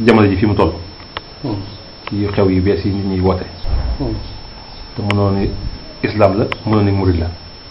jamono ji fi mu toll. Hmm. yu xew yu bees yi nit ñuy woote. Hmm. te mënoo ni islam la mënoo ni murid la.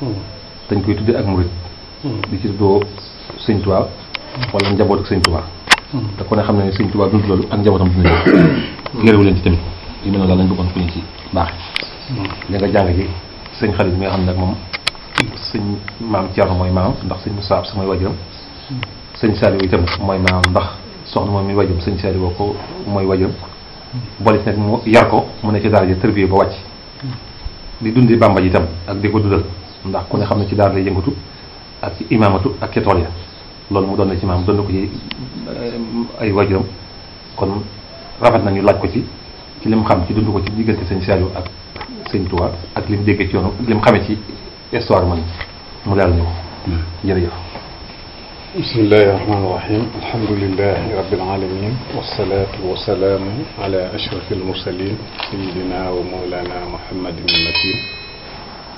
Hmm. dañ koy tuddee ak murid. di ci tuddoo sëñ Tuubaa wala njaboot ak sëñ te ku xam na ne sëñ Tuubaa dund loolu ak njabootam dund loolu. yërewu leen ci tamit yu mel ci baax. li nga jàng ji sëñ xarit mi nga xam ne nag moom sëñ maam Thierno mooy maam ndax sëñ Moussa Absa mooy wajuram sëñ Saliou itam mooy maam ndax. soxla moom mi wajum sëñ Saaliw boo ko mooy wajum boole si nag mu yar ko mu ne ci daara ji tërbiye ba wàcc di dundi bàmba ji itam ak di ko dudal ndax ku ne xam ne ci daara lay yëngatu ak ci imaamatu ak ci tool ya loolu mu doon na ci maam doon ko ci eh, ay wajuram kon rafet na ñu ko ci ci lim xam ci dund ko ci diggante sëñ Saaliw ak sëñ Tuubaa ak lim déggee ci yoonu lim xamee ci histoire man mu daal ñu ko hmm. jërëjëf بسم الله الرحمن الرحيم الحمد لله رب العالمين والصلاة والسلام على أشرف المرسلين سيدنا ومولانا محمد بن المتين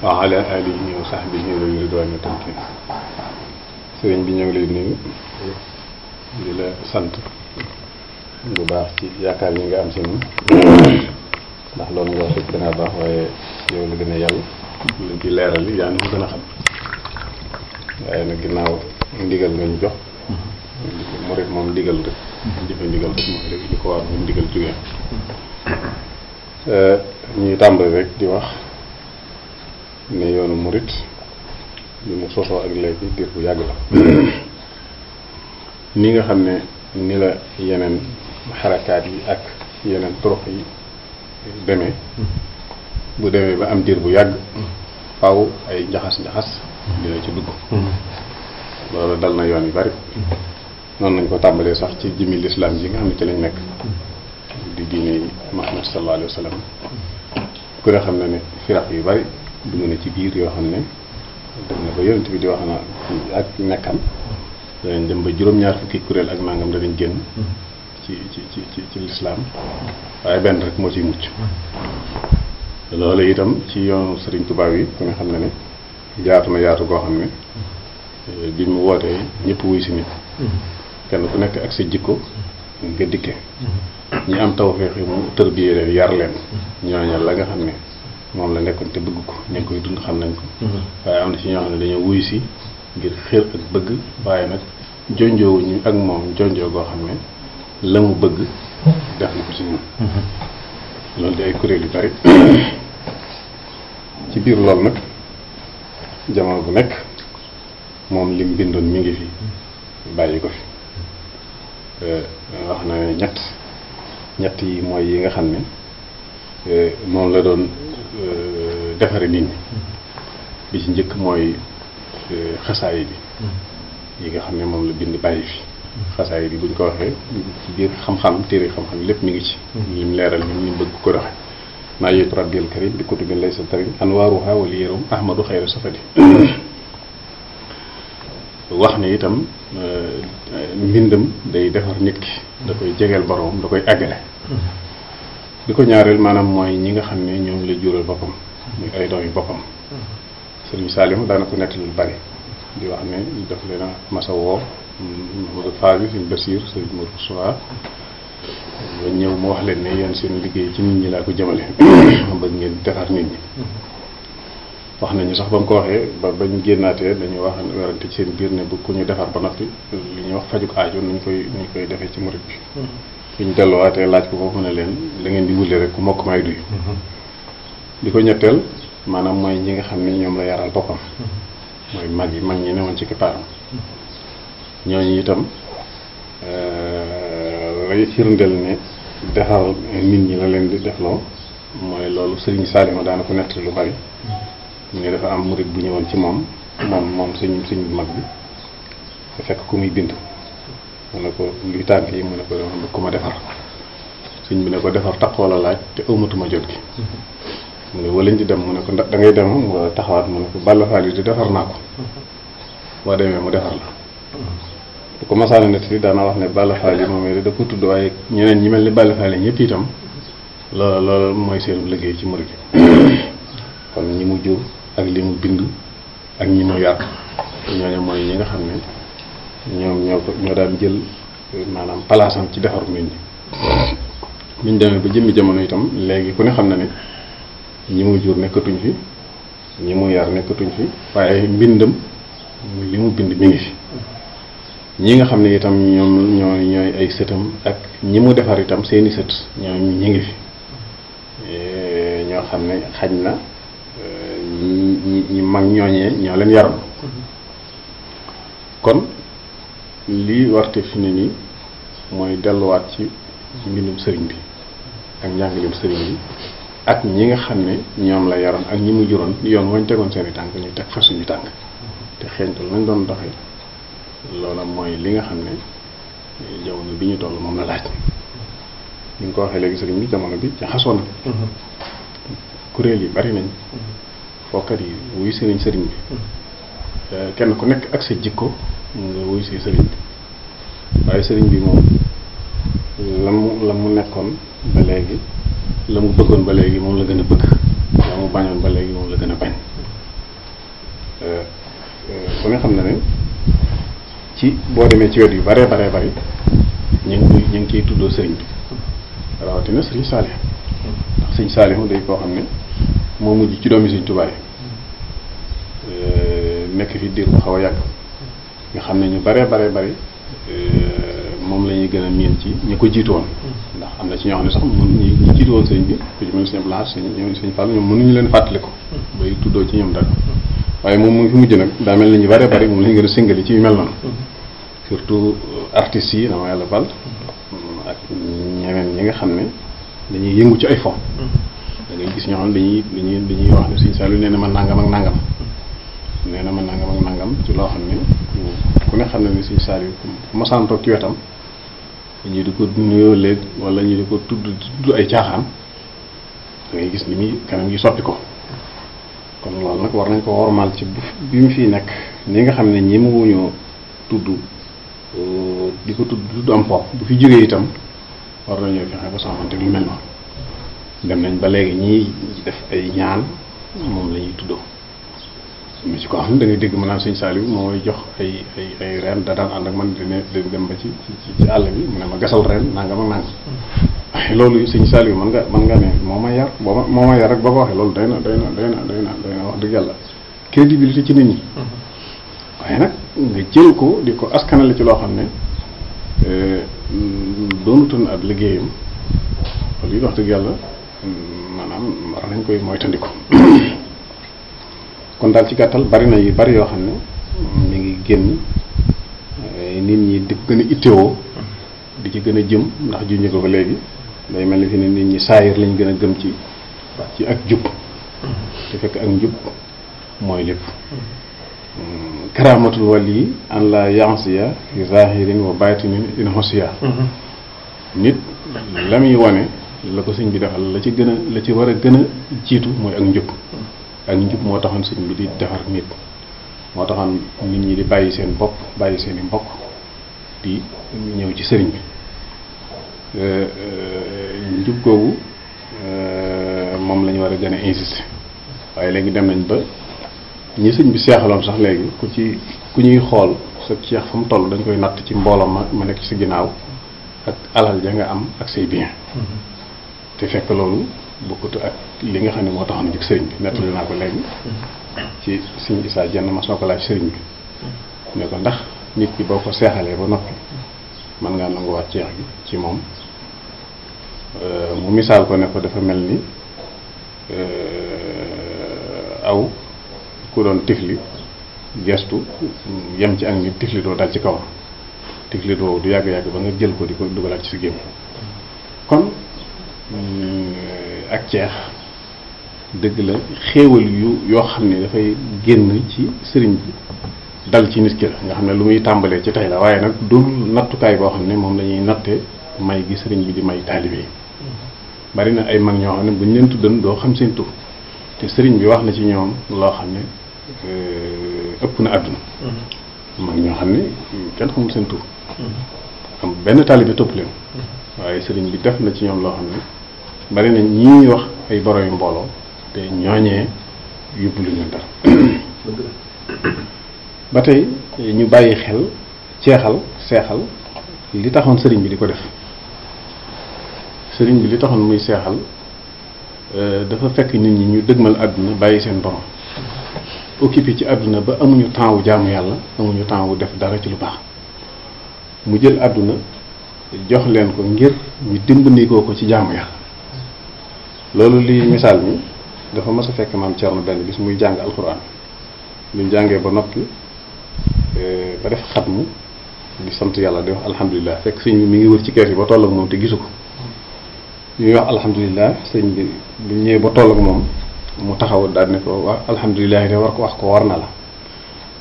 وعلى آله وصحبه ورضوانه تمكين سيدنا بن يولي بن يولي سانت مباركي يا كارين غام سنو نحلون غوصي بنا باه ويولي بن يالو لنجي لير لي يعني مدنخم ويولي بن يولي ndigal nga ñu jox. mu mhm. moom ndigal rek. Mhm. jëfe ndigal rek moom ko war moom ndigal jógee. Euh, ñuy tàmbali rek di wax ne yoonu morit li mu sosoo ak léegi diir bu yàgg la ni nga xam ne ni la yeneen xarakaat yi ak yeneen torox yi demee mhm. bu demee ba am diir bu yàgg faw ay njaxas njaxas dina ci dugg loolu dal na yoon yu bari noonu lañ ko tàmbalee sax ci jëmmi lislaam ji nga xam ne ci lañu nekk di diine Muhammad sallallahu alayhi wa ku ne xam ne ne firaq yu bari dugg na ci biir yoo xam ne dem na ba yonent bi di wax na ak nekkam danañ dem kuréel ak nangam danañ génn ci ci ci ci ci lislaam waaye benn rek moo ciy mucc loolu itam ci yoonu Sëriñ Tuubaa yi ku ne xam ne ne yaatu na yaatu goo xam ne Euh, bi mu wootee ñëpp wuy si nit mm-hmm. kenn ku nekk ak sa jikko mm-hmm. nga dikke mm-hmm. ñi am tawfeex yi mu tërbiyee leen yar leen ñooña la nga xam ne moom la nekkoon te bëgg ko ña ngi koy dund xam nañ ko waaye am na si ñoo xam ne dañoo wuy si ngir xër bëgg waaye nag jonjoowuñu ak moom jonjoo xam ne la bëgg def kuréel yu bari ci biir loolu nag jamono bu nekk mom lim bindon mi ngi fi bàyyi ko fi wax na ñet ñet yi moy yi nga xamne euh moom la doon euh defare nit ñi bi ci ñeuk moy euh xassay bi yi nga xamne mom la bind bàyyi fi xassay bi buñ ko waxe ci biir xam-xam téré xam-xam lépp mi ngi ci lim leral ñun ñu bëgg ko doxe naa yooyu rabbil karim bi kutubi lay sa tarim anwaaruha wal yéerum ahmadu xayra safadi wax ne itam mbindam day defar nit ki da koy jegeel boroom da koy àggale bi ko ñaareel maanaam mooy ñi nga xam ne ñoom la jural boppam muy ay doom yi boppam sëriñ Saliou daana ko nettali lu bari di wax ne daf leen a masa woo Mamadou Fall bi sëñ Basiir sëñ Mourou Sowa ba ñëw mu wax leen ne yéen seen liggéey ci nit ñi laa ko jëmale bëgg ngeen defar nit ñi wax nañu sax ba ko waxee ba ba ñu génnaatee dañu wax werante ci seen biir ne bu ku ñu defar ba noppi lu ñuy wax fajuk aajo nu ñu koy ñu koy defee ci murit bi. bu mm-hmm. ñu delluwaatee laaj ko ko mu ne leen la di wulle rek ku mokk ay duy. Mm-hmm. di ko ñetteel maanaam mooy ñi nga xam ne ñoom la yaral boppam. Mm-hmm. mag yi mag ñi newoon ci kippaaram. ñooñu itam euh, lay firndeel ne defar ñi la leen di defloo mooy loolu Serigne Salima daana ko nett lu bari. mu ne dafa am murit bu ñëwoon ci moom moom moom sëñ sëñ bu mag bi fekk ku bind mu ne ko luy tànk yi mu ne ko ku ma defar sëñ bi ne ko defar taqoo la laaj te ëwmatuma jot gi mu ne walañ di dem mu ne ko da ngay dem wala taxawaat mu ne ko Balla Fall yi di defar naa ko boo demee mu defar la bu ko masaana nett li daana wax ne Balla Fall yi moom da ko tudd waaye ñeneen ñi mel ni Balla Fall yi ñëpp itam loola loola mooy seen liggéey ci murit kon ñi mu jur ak li mu bind ak ñi mu yar ñooñu mooy ñi nga xam ne ñoom ñoo ko ñoo daan jël maanaam palaasam ci defar nit ñi bu ñu demee ba jëmmi jamono itam léegi ku ne xam na ne ñi mu jur nekkatuñ fi ñi mu yar nekkatuñ fi waaye mbindam li mu bind mi ngi fi ñi nga xam ne itam ñoom ñoo ñooy ay sëtam ak ñi mu defar itam seeni sët ñoom ñu ngi fi eh, ñoo xam ne xaj na ñi ñi mag ñooñee ñoo leen yaram kon lii warte fi ni mooy delluwaat ci mbindum sëriñ bi ak njàngaleem sëriñ bi ak ñi nga xam ne ñoom la yaroon ak ñi mu juróon yoon wañ tegoon seeni tànk ñu teg fa suñu tànk te xeeñtal nañ doon doxee loola mooy li nga xam ne jamono bi ñu toll moom na laaj ni nga ko waxee léegi sëriñ bi jamono bi jaxasoo na mm-hmm. kuréel yi bari nañ mm-hmm. fookar yi wuyu si sëriñ bi eh, kenn ku nekk ak sa jikko nga wuyu si sëriñ bi waaye sëriñ bi moom la mu la mu nekkoon ba léegi la mu bëggoon ba léegi moom la gën a bëgg la mu bañoon ba léegi moom la gën a bañ ba eh, eh, nga xam ne ne ci boo demee ci wet yu bare bare bari ñu ngi ñu ngi ciy tuddoo sëriñ bi rawatina sëriñ Saliou ndax sëriñ Saliou day koo xam ne moo mujj ci doomi Sëriñ Tuubaa yi euh, nekk fi diir bu xaw a yàgg nga xam ne ñu bare bare bari euh, moom la ñuy gën a miin ci ñi ko jiitu woon ndax am na ci ñoo xam ne sax mun ñi ñi jiitu woon sëñ bi mu ci mel sëñ Blaas sëñ ñoom sëñ leen fàttaliku bay tuddoo ci ñoom dara waaye moom mu ngi fi mujj nag daa mel ni ñu bare bari moom la ñu gën a singali ci yu mel noonu surtout artistes yi dama yàlla bal ñi nga xam ne dañuy yëngu ci ay fond ngay gis ñoo xam dañuy dañuy dañuy wax ne suñ salu nee na ma nangam ak nangam nee na ma nangam ak nangam ci loo xam ne ku ne xam ne ni suñ salu ku masaan toog ci wetam ñu di ko nuyoo léeg wala ñu di ko tudd tudd ay caaxaan da ngay gis ni muy kanam gi soppi ko kon loolu nag war nañ ko wormal ci bi mu fii nekk ni nga xam ne ñi mu tudd euh, di ko tudd tudd am foofu bu fi jógee itam war nañoo fexe ba sàmmante lu mel noonu dem nañ ba léegi ñiy def ay ñaan moom la ñuy tuddoo mais ci ko xam da ngay dégg mu naan sëñ Saliou moo jox ay ay ay reen da daan ànd ak man dina dem ba ci ci ci àll bi mu ne ma gasal reen nangam ak nangam loolu sëñ Saliou man nga man nga ne moo ma yar boo moo ma yar ak ba ko waxee loolu day na day na day na day na day na wax dëgg yàlla crédibilité ci nit ñi waaye nag nga jël ko di ko askanale ci loo xam ne euh, doonutoon ab liggéeyam loolu it wax dëgg yàlla maanaam war nañ koy moytandiku kon daal ci gàttal bari na yu bari yoo xam ne ñu ngi génn eh, nit ñi di gën a ittewoo di ci gën a jëm ndax junj ko ba léegi day mel ni fi ne nit ñi saayir lañ gën a gëm ci ci ak jub te fekk ak njub mooy lépp mm, karaamatul wali an la yansiya fi zahirin wa baatinin in hosiya mm-hmm. nit la muy wane la ko sëñ bi defal la ci gën a la ci war a gën a jiitu mooy ak njub ak njub moo taxoon sëñ bi di defar nit moo taxoon nit ñi di bàyyi seen bopp bàyyi seen i mbokk di ñëw ci sëriñ bi euh, euh, njub googu euh, moom lañu war a gën a insister waaye léegi dem nañ ba ñi sëñ bi seexaloon sax léegi ku ci ku ñuy xool sa ceex fa mu toll dañ koy natt ci mbooloo ma ma nekk ci ginnaaw ak alal ja nga am ak say bien mm-hmm. te fekk loolu bokkatu ak li nga xam ne moo taxoon jóg sëriñ bi nettali naa ko léegi ci sëriñ Isaa jenn ma soo ko laaj sëriñ bi ne ko ndax nit ki boo ko seexalee ba noppi mën ngaa nanguwaat ceex gi ci moom euh, mu misaal ko ne ko dafa mel ni euh, aw ku doon tifli gestu yem ci ak nit tifli doo dal ci kawam tifli doo du yàgg-yàgg ba nga jël ko di ko dugalaat ci sa gémmiñ gàcceex dëgg la xéewal yu yoo xam ne dafay génn ci sëriñ bi dal ci nit ki la nga xam ne lu muy tàmbalee ci tey la waaye nag dul nattukaay boo xam ne moom lañuy natte may gi sëriñ bi di may taalibe yi mm-hmm. bari na ay mag ñoo xam ne buñ leen tuddan doo xam seen tur te sëriñ bi wax na ci ñoom loo xam ne euh, ëpp na àdduna mm-hmm. mag ñoo xam ne kenn xamul seen tur mm-hmm. am benn taalibe topp leen waaye sëriñ bi def na ci ñoom loo xam ne bari na ñii ñuy wax ay boro yu mbooloo te ñooñee yóbbu lu ñu dara ba tey ñu bàyyi xel ceexal seexal li taxoon sëriñ bi di ko def sëriñ bi li taxoon muy seexal euh, dafa fekk nit ñi ñu dëgmal àdduna bàyyi seen borom occupé ci àdduna ba amuñu temps wu jaamu yàlla amuñu temps wu def dara ci lu baax mu jël àdduna jox leen ko ngir ñu dimbandikoo ko ci jàmm yàlla loolu lii misaal mi dafa mas a fekk maam Thierno benn bis muy jàng alxuraan bu jàngee ba noppi eh, ba def xatmu di sant yàlla di wax alhamdulilah fekk sëñ bi mi ngi wër ci kees yi ba toll ak moom gisu ko ñuy wax alhamdulilah sëñ bi bu ñëwee ba toll ak moom mu taxaw daal ko wax alhamdulilah de war ko wax ko war na la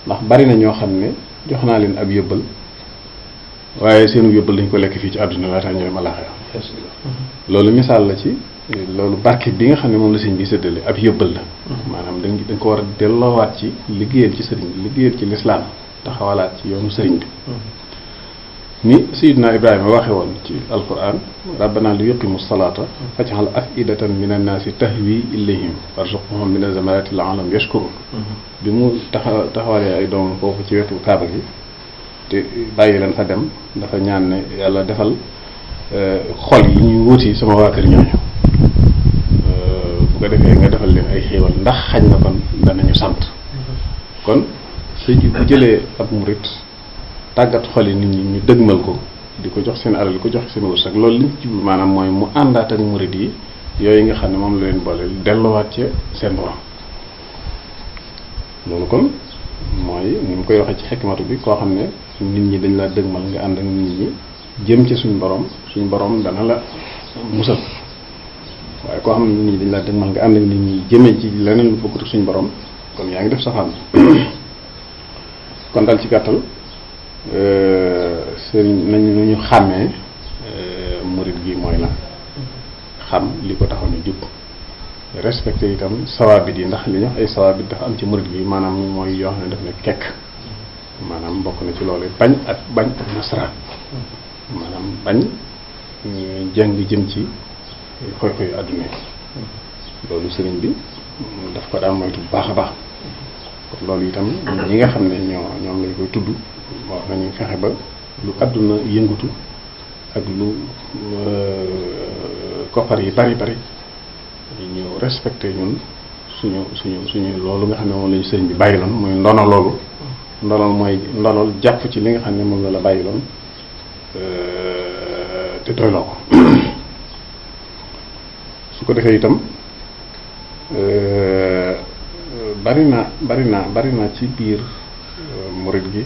ndax bari na ñoo xam ne jox naa leen ak yëbbal waaye seenu yëbbal dañ ko lekk fii ci àdduna waaye tax ñooy malaaka loolu misaal la ci. lolu barke bi nga xamne mom la sëñ bi séddale ab yebbal la manam dañ dañ ko wara a delloowaat ci liggéeyal ci sëriñ bi liggéeyal ci l'islam taxawalat ci yoonu sëriñ bi ni sayidna ibrahim waxe won ci alquran rabbana li yuqimu salaata fajal afidatan minan annaasi tahwi ilayhim warzuqhum min azamarati alalam yashkur bi mu taxawale ay doom fofu ci wetu kaaba gi te bàyyi leen fa dem dafa ñaan ne yàlla defal xol yi ñuy wuti sama waa kër ñooñu bu ko defee nga defal leen ay xéewal ndax xañ na kon danañu sant kon sëñ bi bu jëlee ab murit tàggat xoli nit ñi ñu dëgmal ko di ko jox seen alal di ko jox seen wërsëg loolu li ci bi maanaam mooy mu àndaat ak murit yi yooyu nga xam ne moom la leen boole delluwaat ci seen borom loolu kon mooy ni mu koy waxee ci xikmatu bi koo xam ne nit ñi dañ la dëgmal nga ànd ak nit ñi jëm ci suñ borom suñ borom dana la musal waaye koo xam ne nii dañ laa dañ mën nga ànd ak nit ñi jëmee ci leneen lu bokkut ak suñu borom kon yaa ngi def saxaan kon daal ci gàttal euh, seen nañ lu ñu xàmmee euh, murit gi mooy la xam li ko taxoon a jub respecté itam sawaabit yi ndax li ñuy wax ay sawaabit dafa am ci murit gi maanaam mooy yoo xam ne daf ne kekk maanaam bokk na ci loolu bañ ak bañ ak nasaraan maanaam bañ euh, jàng jëm ci koy koy àdduna loolu sëriñ bi daf ko daan moytu bu baax a baax kon loolu itam ñi nga xam ne ñoo ñoom lañ koy tudd wax nañu fexe ba lu àdduna yëngatu ak lu euh, koppar yi bari bari ñu respecté ñun suñu suñu suñu loolu nga xam ne moom lañu sëriñ bi bàyyi loon mooy ndono loolu ndonol mooy ndonol jàpp ci li nga xam ne moom la bàyyi loon euh, te doyloo ko su ko defee itam eh, bari na bari na bari na ci biir eh, murit gi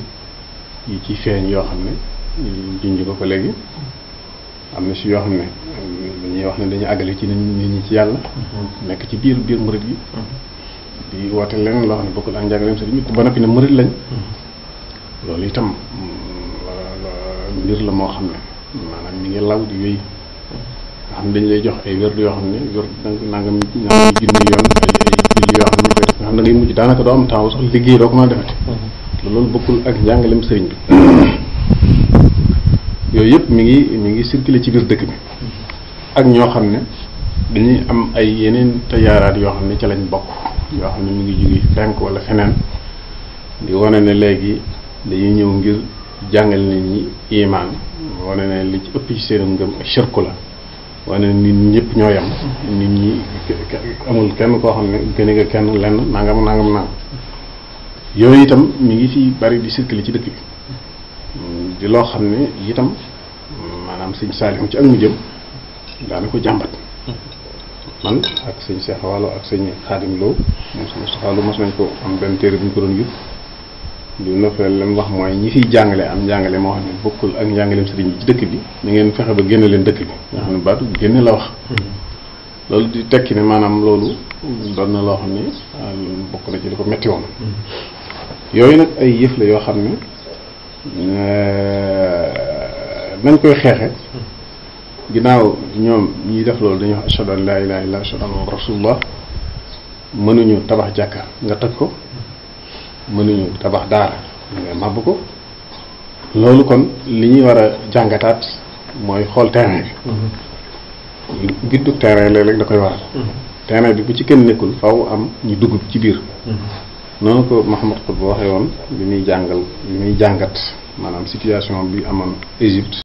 yi ci feeñ yoo xam ne junj ko ko léegi am na si yoo xam ne eh, dañuy wax ne dañu àggale ci nit ñi ci yàlla mm-hmm. nekk ci biir biir murit gi mm-hmm. di woote leneen loo xam ne bokkul ak njàngaleem sëriñ bi ba noppi ne murit lañ mm-hmm. loolu itam mm, mbir la moo xam ne maanaam mi law di wéy nga xam lay jox ay wérdu yoo xam ne wérdu nangam nangam junni yoon ay ay julli da ngay mujj daanaka doo am temps mm-hmm. loolu bokkul ak njàngalem sëriñ bi yooyu yëpp mu ngi mi ngi circulé ci biir dëkk bi mm-hmm. ak ñoo xam ne dañuy am ay yeneen tayaaraat yoo xam ne ca lañ bokk yoo xam ne mi ngi jóge fenk wala feneen di wane ne léegi dañuy ñëw ngir jàngal nit ñi imaan wane ne li ci ëpp ci seen ngëm ak shirku la wane nit ñëpp ñoo yam nit ñi amul kenn koo xam ne gën nga kenn lenn nangam nangam nangam yooyu itam mi ngi fi bari di circulé ci dëkk bi di loo xam ne itam maanaam sëñ Saliou ci ak mu jëm daana ko jàmbat man ak sëñ Cheikh Wallo ak sëñ Khadim Lo moom sëñ Moustapha Lo nañ ko am benn téere bu ñu ko doon yëpp lu mu noppee wax mooy ñi fiy jàngale am njàngale moo xam ne bokkul ak njàngaleem sëriñ bi ci dëkk bi ñu ngeen fexe ba génne leen dëkk bi nga xam ne baatu génne la wax mm-hmm. loolu di tekki ne maanaam loolu doon na loo xam ne ah, bokk na ci li ko metti woon mm-hmm. yooyu nag ay yëf la yoo xam ne euh, nañ koy xeexe ginnaaw ñoom ñiy def loolu dañu wax ashhadu laa ilaaha illallaah ashhadu anna rasulullah mënuñu tabax jàkka nga toj ko mënuñu tabax daara nga ko loolu kon li ñuy war a jàngataat mooy xool terrain bi mm-hmm. biddug terrain léeg-léeg da koy waral mm-hmm. terrain bi bu ci kenn nekkul faw am ñu dugub ci biir mm-hmm. noonu ko Mahamad Xutba waxee woon bi muy jàngal bi muy jàngat maanaam situation bi amoon Égypte